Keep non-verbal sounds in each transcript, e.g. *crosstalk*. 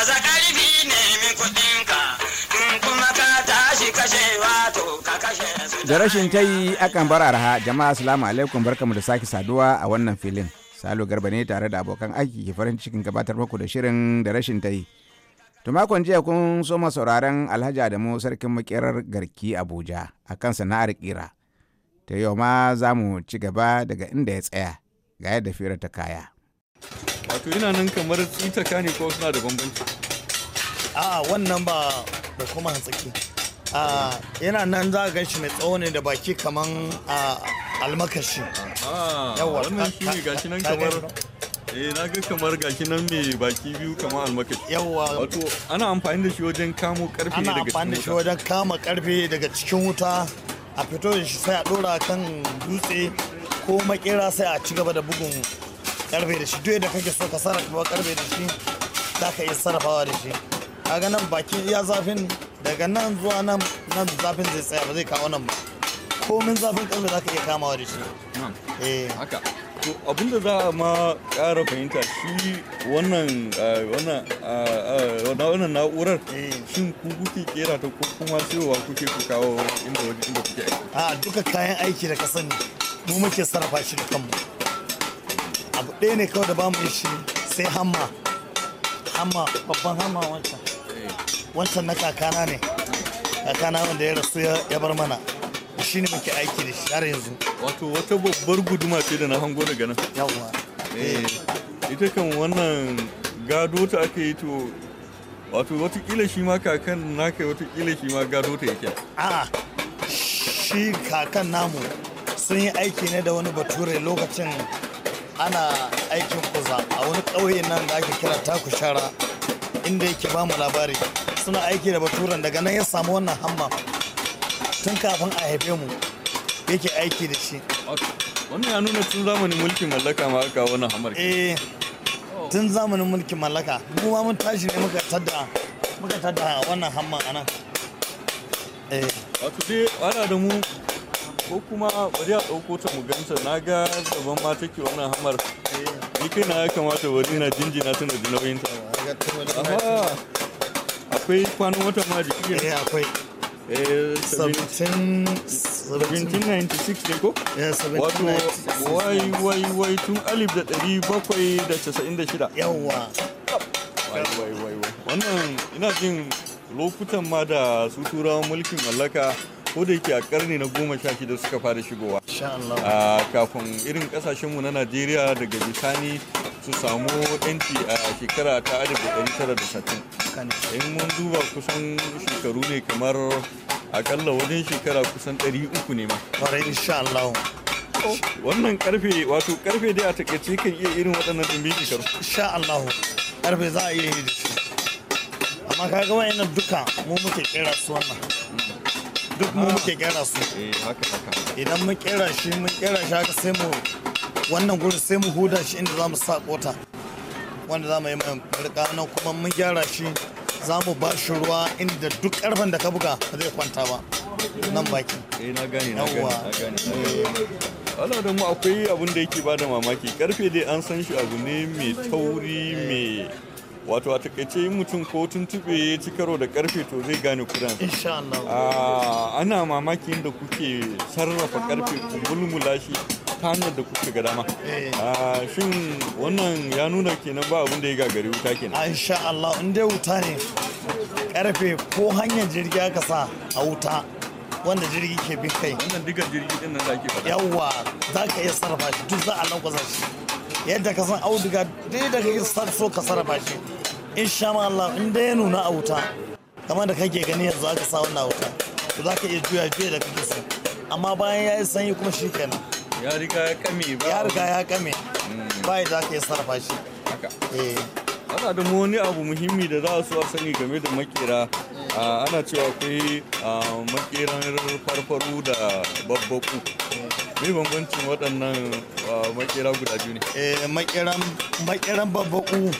ƙarfi nemi kuɗinka in kuma ka tashi kashe wato ka kashe su da rashin ta yi akan bar arha jama'a asalamu alaikum barkamu da sake saduwa a wannan filin salo garba ne tare da abokan aiki ke farin cikin gabatar muku da shirin da rashin ta yi to makon jiya kun soma sauraren alhaji adamu sarkin makerar garki abuja a kan sana'ar kira ta yau ma za mu ci gaba daga inda ya tsaya ga yadda fira ta kaya. wato ina nan kamar tsitaka ne ko suna da bambanci a wannan ba da kuma hantsaki yana nan za gan gashi mai tsawo ne da baki kaman almakashi yawa wannan shi ne gashi nan kamar eh na ga kamar gashi nan mai baki biyu kamar almakashi yawa wato ana amfani da shi wajen kamo karfe daga cikin wuta ana amfani da shi wajen kama karfe daga cikin wuta a fito da shi sai a dora kan dutse ko makera sai a ci gaba da bugun karbe da shi duk yadda kake so ka sarrafa karbe da shi za ka iya sarrafawa da shi kaga nan baki iya zafin daga nan zuwa nan nan zafin zai tsaya ba zai kawo nan ba komin zafin karbe za ka iya kamawa da shi eh. haka to abinda za a ma ƙara fahimta shi wannan wannan na'urar eh. shin ku kuke kera ta ko kuma siyowa kuke ku kawo inda kuke aiki a duka kayan aiki da ka sani mu muke sarrafa shi da kanmu abu ɗaya ne kawai da ba mu shi sai hamma hamma babban hamma wancan wancan na kakana ne kakana wanda ya rasu ya bar mana shi ne muke aiki da shi har yanzu wato wata babbar guduma ce da na hango daga nan yawwa eh, ita kan wannan gado ta aka yi to wato watakila shi ma kakan naka watakila shi ma gado ta yake a'a shi kakan namu sun yi aiki ne da wani bature lokacin ana aikin kuza a wani ƙauye nan da ake kira takushara inda yake ba mu labari suna aiki da baturan daga nan ya samu wannan hamma tun kafin a haife mu yake aiki da shi wannan ya nuna tun zamanin mulkin mallaka ma aka wannan hamar eh tun zamanin mulkin mallaka mu ma mun tashi ne muka tadda muka tadda wannan hamma anan eh wato dai ana da mu ko kuma bari a ɗauko ta mu ganta na ga daban ma take wannan hamar eh, ni kai na ya kamata bari na jinjina tana da nauyin ta akwai kwanan wata ma jiki ne eh, akwai 1796 eh, ne ko? wato wai wai wai tun alif da ɗari bakwai da casa'in da shida wai wai wai wannan ina jin lokutan ma da su turawan mulkin mallaka ko da yake a karni na goma sha shida suka fara shigowa a kafin irin kasashenmu na najeriya daga bisani su samu yanci a shekara ta 1960 in mun duba kusan shekaru ne kamar akalla wajen shekara kusan 300 ne ma wannan karfe wato karfe dai a takaice kan iya irin waɗannan ɗumbin shekaru sha Allah karfe za a iya yi da shi amma kaga wayannan duka mu muke kera su wannan duk mu muke kera su eh, idan mun kera shi mun kera shi haka sai mu wannan gurin sai mu huda shi inda za mu sa kota wanda za mu yi mai nan kuma mun gyara shi za mu ba shi ruwa inda duk karfen da ka buga ba zai kwanta ba nan baki eh na gani na gani na da mu akwai abin da yake bada mamaki karfe dai an san shi abu ne mai tauri mai wato a takaice yin mutum ko tuntube ya ci karo da karfe to zai gane kudan ah, ana mamaki da kuke sarrafa karfe ku mulmula shi ta hanyar da kuke ga dama eh. ah, shin wannan ya nuna kenan ba abin da ya gagari wuta kenan ah, insha Allah in dai wuta ne karfe ko hanyar jirgi aka sa a wuta wanda jirgi ke bin kai wannan digar jirgi din nan zaki faɗa yawa zaka iya sarrafa shi duk za a lankwasa shi yadda ka san auduga dai daga yin so ka sarrafa shi insha Allah in dai ya nuna a wuta kamar da kake gani yanzu aka sa wannan wuta to za ka iya juya juya da kake so amma bayan ya yi sanyi kuma shi kenan ya riga ya kame ba ya riga ya kame hmm. ba za ka iya sarrafa shi haka eh ana da wani abu muhimmi da za su sani game da makera ah, ana cewa akwai ah, makeran farfaru da babbaku me bambancin waɗannan ah, makera guda biyu ne eh, makeran babbaku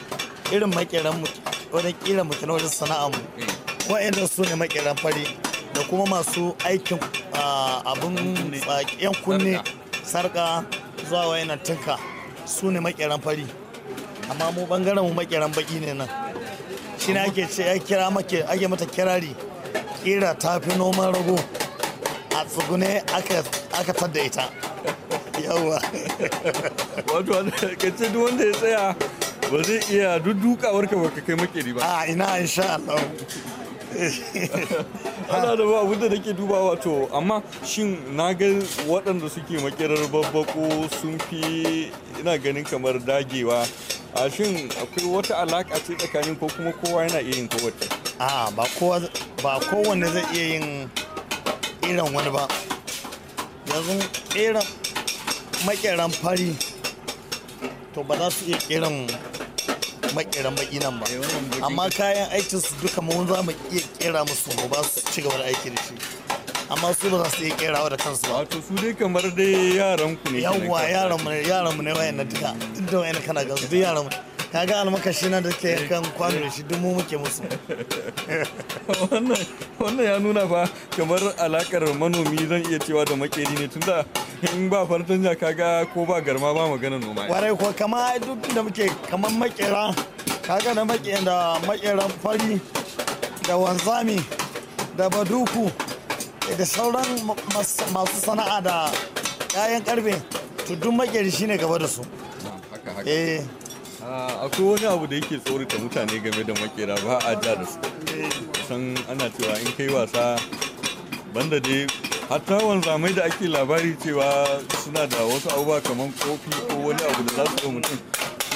irin makeran mu wajen kira mu kenan wajen sana'a mu mm. wa'annan su ne makeran fari da kuma masu aikin abun yan kunne sarka zuwa wayanan tinka su ne makeran fari amma mu bangaren mu makeran baki ne nan shi ne ake ce kira make ake mata kirari kira ta fi noman rago a tsugune aka tadda ita yawa wato wanda ya tsaya ba zai iya dudukawar ka baka kai makeri ba a ina insha Allah *laughs* ana da ba da nake duba wato amma shin na ga waɗanda suke makerar babbako sun fi ina ganin kamar dagewa a shin akwai wata alaƙa ce tsakanin ko kuma kowa yana iya yin kowace a ba kowa ba kowanne zai iya yin irin wani ba yanzu irin makeran fari to ba za su iya kiran makiran baki nan ba eh, amma kayan aikin su duka mun za mu iya kera musu ba su ci gaba da aiki da shi amma su ba za su iya kerawa da kansu ba wato su dai kamar dai yaran ku ne yawa yaran mu ne yaran mu ne wayannan duka duk da wayannan kana ga su yaran mu ka ga almakashi na da ke kan kwano shi dumu muke musu wannan ya nuna ba kamar alakar manomi zan iya cewa da makeri ne tunda in ba ka ga ko ba garma ba magana noma warai ko kama duk da muke kamar makera kaga na makeran da makeran fari da wanzami da baduku da sauran masu sana'a da kayan karfe to duk makeri shine gaba da su Ah, akwai wani abu da yake tsorata mutane game da makera ba a ja da su san ana cewa in kai wasa banda dai hatta wanzamai da ake labari cewa suna da wasu abubuwa kamar kofi ko wani abu da za su ga mutum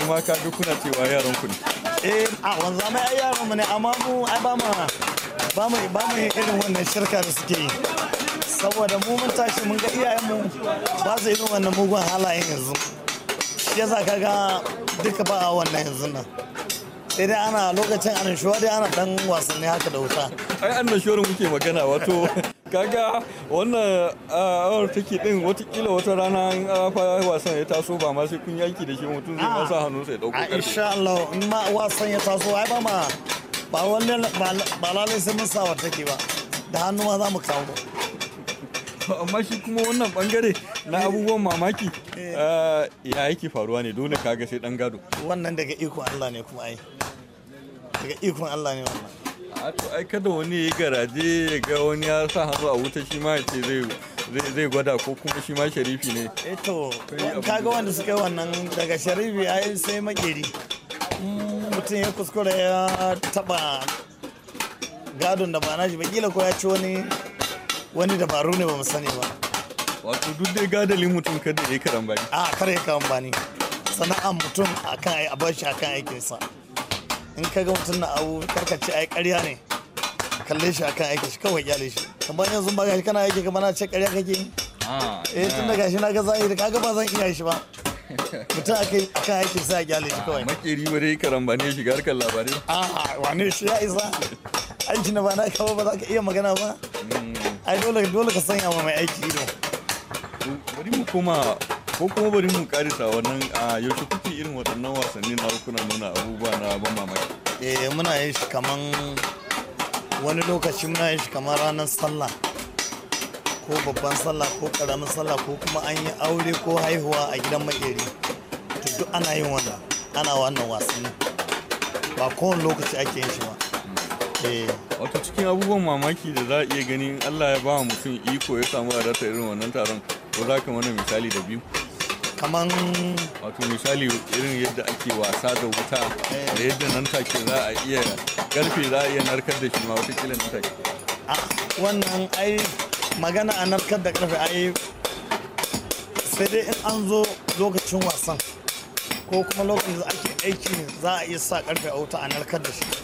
kuma ka ga kuna cewa yaran ku ne eh a wanzamai ai yaran mu ne amma mu ai ba mu ba mu ba mu irin wannan shirka da suke yi saboda mu mun tashi mun ga iyayen mu ba su irin wannan mugun halayen yanzu shi yasa kaga duka ba a wannan yanzu nan sai dai ana lokacin annashuwa dai ana dan wasanni haka da wuta ai annashuwar muke magana wato *laughs* kaga wannan awar take din watakila wata rana in fa wasan ya taso ba ma sai kun yaki da shi mutum zai masa hannu sai dauko karfi insha Allah in ma wasan ya taso ai ba ma ba wannan ba lalai sai mun sa wata ke ba da hannu ma za mu kawo amma shi kuma wannan bangare na abubuwan mamaki eh, ya yake faruwa ne dole kaga sai dan gado wannan daga ikon Allah ne kuma ai daga ikon Allah ne wannan a to ai kada wani ya garaje ya ga wani ya sa hannu a wuta shi ma ya ce zai zai gwada ko kuma shi ma sharifi ne eto eh kaga wanda suka yi wannan daga sharifi ai sai makeri mm, mutum ya kuskura ya taba gadon da ba na shi ba kila ko ya ci wani wani dabaru ne ba mu sani ba wato duk dai gadalin mutum kada ya yi bani a kar ya bani. sana'an mutum kan ai a bashi aikin sa in ka ga mutum na abu ce ai karya ne kalle shi a kan aiki shi kawai kyale shi kamar yanzu ba gashi kana aiki kamar na ce karya kake yi ah, eh tun da gashi na ga zahiri kaga ba zan iya shi ba *laughs* mutum a yi aikin aiki a kyale shi ah, kawai makeri ba dai bani shi shiga harkar labarai a ah, wane shi ya isa aiki na ba na kawo ba za ka iya magana ba hmm. ai dole dole ka sanya ma mai aiki ido bari mu koma ko kuma bari mu karisa wannan a yaushe kuke irin waɗannan wasanni na kuna nuna abubuwa na ban mamaki eh muna yin shi kaman wani lokaci muna yin shi kamar ranar sallah ko babban sallah ko karamin sallah ko kuma an yi aure ko haihuwa a gidan makeri to duk ana yin wannan ana wannan wasanni ba kowane lokaci ake yin shi ba Eh. wato cikin abubuwan mamaki da za a iya gani in allah ya ba wa mutum iko ya samu rata irin wannan taron ko za ka mana misali da biyu kaman wato misali irin yadda ake wasa da wuta da eh. yadda nan take za a iya karfe za a iya narkar da shi ma wata kila nan take a ah, wannan ai magana a narkar da karfe ai sai dai in an zo lokacin wasan ko kuma lokacin da ake aiki za a iya sa karfe a wuta a narkar da shi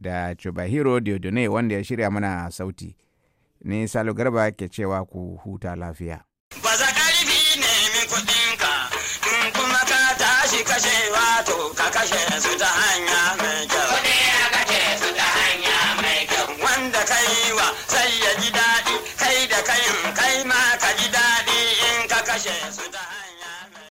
da Chubahiro Diodone wanda ya shirya mana sauti. Ni Salo Garba ke cewa ku huta lafiya. Ba za ne nemi kuɗinka, in kuma ka tashi kashe wato ka kashe su ta hanya mai